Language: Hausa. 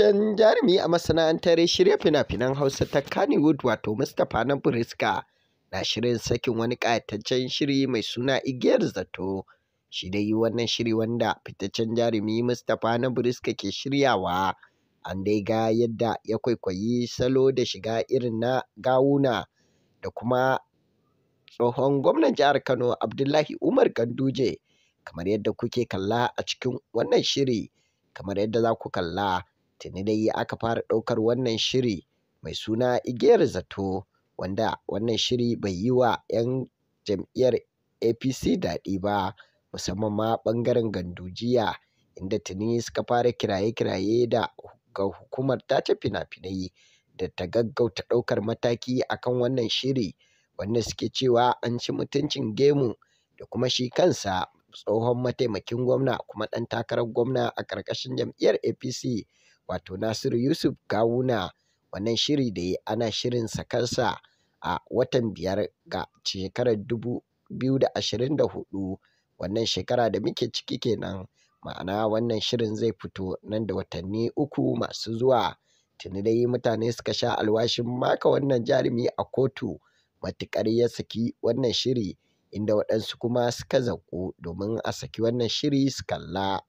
Can jarumi a masana'antar shirya fina-finan Hausa ta Kannywood wato Mustapha na Buriska na shirin sakin wani ƙayataccen shiri mai suna Igiyar Zato. Shi dai wannan shiri wanda fitaccen jarumi Mustapha na Buriska ke shiryawa. An dai ga yadda ya kwaikwayi salo da shiga irin na gawuna da kuma tsohon gwamnan jihar Kano Abdullahi Umar Ganduje kamar yadda kuke kalla a cikin wannan shiri kamar yadda za ku kalla. tuni dai aka fara ɗaukar wannan shiri mai suna igiyar zato wanda wannan shiri bai yi wa 'yan jam'iyyar apc daɗi ba musamman ma ɓangaren gandujiya inda tuni suka fara kiraye-kiraye da ga hukumar tace fina-finai da ta gaggauta ɗaukar mataki akan wannan shiri wanda suke cewa an ci mutuncin gemu da kuma shi kansa tsohon mataimakin gwamna kuma ɗan takarar gwamna a ƙarƙashin jam'iyyar apc wato Nasiru Yusuf Gawuna wannan shiri da ya ana shirin sakansa a watan biyar ga shekarar dubu biyu da ashirin da hudu wannan shekara da muke ciki kenan ma'ana wannan shirin zai fito nan da watanni uku masu zuwa tuni dai mutane suka sha alwashin maka wannan jarumi a kotu matukar ya saki wannan shiri inda waɗansu kuma suka zaƙu domin a saki wannan shiri su kalla